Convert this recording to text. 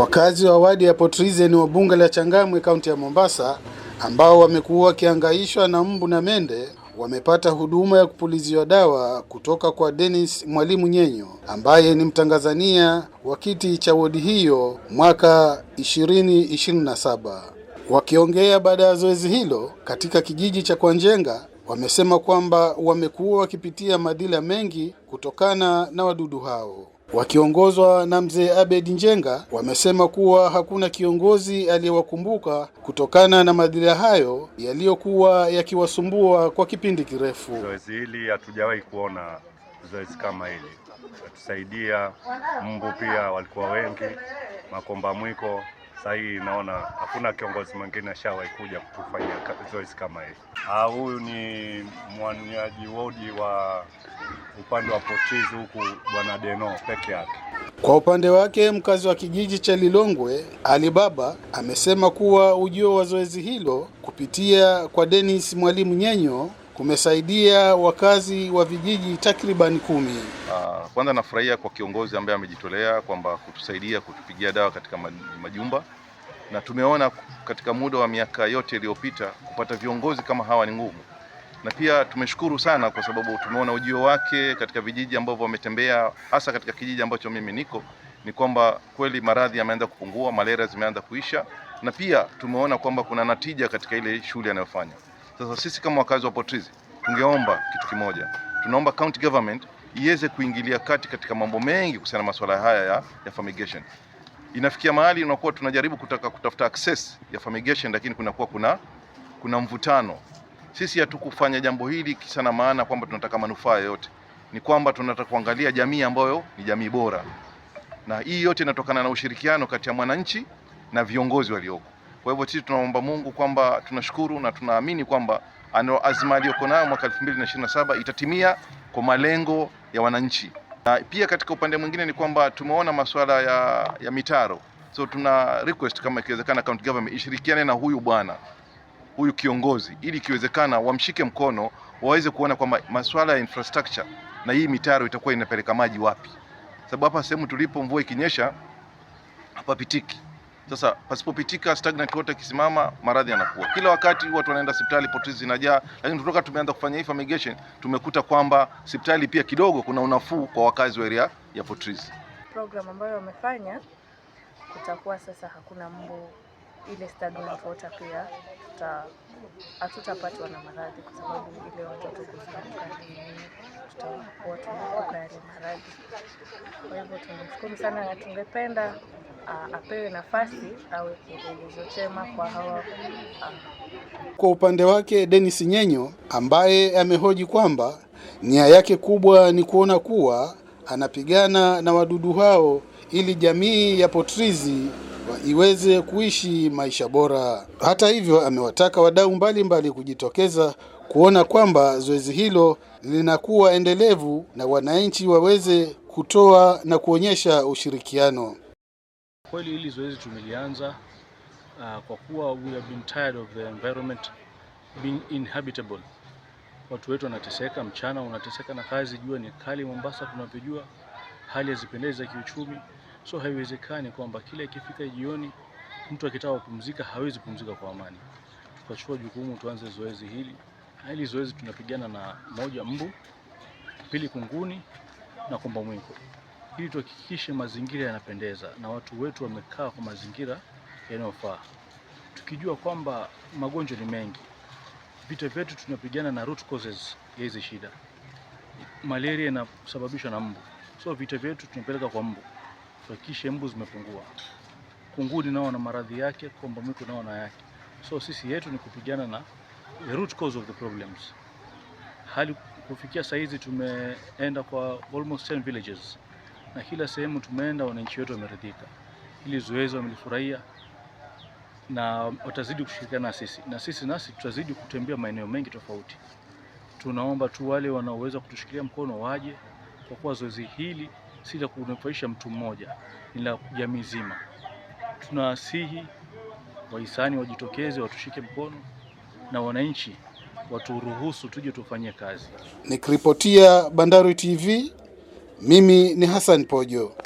Wakazi wa wadi ya Potrize ni wa bunge la Changamwe kaunti ya Mombasa ambao wamekuwa wakihangaishwa na mbu na mende wamepata huduma ya kupuliziwa dawa kutoka kwa Dennis Mwalimu Nyenyo ambaye ni mtangazania wa kiti cha wodi hiyo mwaka 2027. Wakiongea baada ya zoezi hilo katika kijiji cha Kwanjenga, wamesema kwamba wamekuwa wakipitia madhila mengi kutokana na wadudu hao wakiongozwa na mzee Abed Njenga wamesema kuwa hakuna kiongozi aliyewakumbuka kutokana na madhila hayo yaliyokuwa yakiwasumbua kwa kipindi kirefu. Zoezi hili hatujawahi kuona zoezi kama hili, atusaidia Mungu. Pia walikuwa wengi Makomba Mwiko, saa hii naona hakuna kiongozi mwingine ashawahi kuja kutufanyia zoezi kama hili. Ah, huyu ni mwaniaji wodi wa upande wa Pochizi huku bwana Deno peke yake. Kwa upande wake mkazi wa kijiji cha Lilongwe Alibaba amesema kuwa ujio wa zoezi hilo kupitia kwa Dennis Mwalimu Nyenyo kumesaidia wakazi wa vijiji takribani kumi. Uh, kwanza nafurahia kwa kiongozi ambaye amejitolea kwamba kutusaidia kutupigia dawa katika majumba, na tumeona katika muda wa miaka yote iliyopita kupata viongozi kama hawa ni ngumu na pia tumeshukuru sana kwa sababu tumeona ujio wake katika vijiji ambavyo wametembea, hasa katika kijiji ambacho mimi niko, ni kwamba kweli maradhi yameanza kupungua, malaria zimeanza kuisha, na pia tumeona kwamba kuna natija katika ile shughuli anayofanya. Sasa sisi kama wakazi wa Port Reitz tungeomba kitu kimoja, tunaomba county government iweze kuingilia kati katika mambo mengi kuhusiana na masuala haya ya, ya fumigation. Inafikia mahali unakuwa tunajaribu kutaka kutafuta access ya fumigation, lakini kunakuwa kuna, kuna mvutano sisi hatukufanya jambo hili kisa na maana kwamba tunataka manufaa yoyote, ni kwamba tunataka kuangalia jamii ambayo ni jamii bora, na hii yote inatokana na ushirikiano kati ya mwananchi na viongozi walioko. Kwa hivyo sisi tunaomba Mungu kwamba tunashukuru na tunaamini kwamba ano azma aliyoko nayo mwaka 2027 itatimia kwa malengo ya wananchi, na pia katika upande mwingine ni kwamba tumeona masuala ya, ya mitaro so tuna request kama ikiwezekana county government ishirikiane na huyu bwana huyu kiongozi, ili ikiwezekana wamshike mkono, waweze kuona kwamba masuala ya infrastructure na hii mitaro itakuwa inapeleka maji wapi, sababu hapa sehemu tulipo mvua ikinyesha hapapitiki. Sasa pasipopitika, stagnant water kisimama, maradhi yanakuwa kila wakati. Watu wanaenda hospitali, potezi zinajaa, lakini kutoka tumeanza kufanya hii fumigation tumekuta kwamba hospitali pia kidogo kuna unafuu kwa wakazi wa area ya Port Program ambayo wamefanya kutakuwa sasa hakuna mbu ile stagnant water pia hatutapatwa na maradhi, kwa sababu ile watoto kustaruka nini, tutakuwa tunaepuka yale maradhi. Kwa hivyo tunamshukuru sana na tungependa apewe nafasi awe kielelezo chema kwa hawa. Kwa upande wake Dennis Nyenyo ambaye amehoji kwamba nia yake kubwa ni kuona kuwa anapigana na wadudu hao ili jamii ya potrizi iweze kuishi maisha bora. Hata hivyo, amewataka wadau mbalimbali kujitokeza kuona kwamba zoezi hilo linakuwa endelevu na wananchi waweze kutoa na kuonyesha ushirikiano. Kweli hili zoezi tumelianza uh, kwa kuwa we have been tired of the environment being inhabitable. Watu wetu wanateseka, mchana unateseka na kazi, jua ni kali. Mombasa tunavyojua hali hazipendezi za kiuchumi. So haiwezekani kwamba kile ikifika jioni mtu akitaka kupumzika hawezi kupumzika kwa amani. Tukachukua jukumu tuanze zoezi hili, na hili zoezi tunapigana na moja, mbu, pili, kunguni na kumba mwiko, ili tuhakikishe mazingira yanapendeza na watu wetu wamekaa kwa mazingira yanayofaa, tukijua kwamba magonjwa ni mengi. Vita vyetu tunapigana na root causes ya hizi shida. Malaria inasababishwa na mbu, so vita vyetu tunapeleka kwa mbu tuhakikishe mbu zimepungua. Kunguni nao na maradhi yake, mwiko nao na yake. So sisi yetu ni kupigana na the root cause of the problems. Hali kufikia saa hizi tumeenda kwa almost 10 villages na kila sehemu tumeenda, wananchi wetu wameridhika, ili zoezi wamelifurahia na watazidi kushirikiana na sisi na sisi nasi tutazidi kutembea maeneo mengi tofauti. Tunaomba tu wale wanaoweza kutushikilia mkono waje, kwa kuwa zoezi hili si la kunufaisha mtu mmoja, ni la jamii zima. Tunawasihi wahisani wajitokeze, watushike mkono na wananchi waturuhusu tuje tufanye kazi. Nikiripotia Bandari TV, mimi ni Hassan Pojo.